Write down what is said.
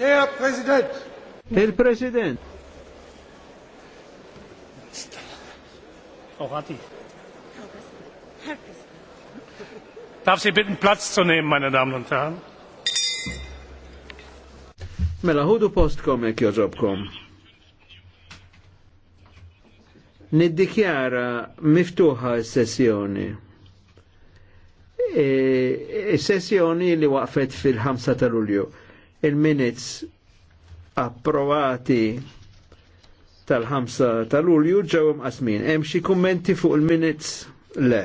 Il-President. Der Präsident. Frau oh, Darf Sie bitten, Platz zu nehmen, meine Damen und Herren? Mela, hudu postkom ek joġobkom. Niddikjara miftuħa s-sessjoni. E, e sessjoni li waqfet fil-5 ta' Lulju il-minutes approvati tal-5 tal-Ulju ġew imqasmin. Hemm xi kummenti fuq il-minutes le.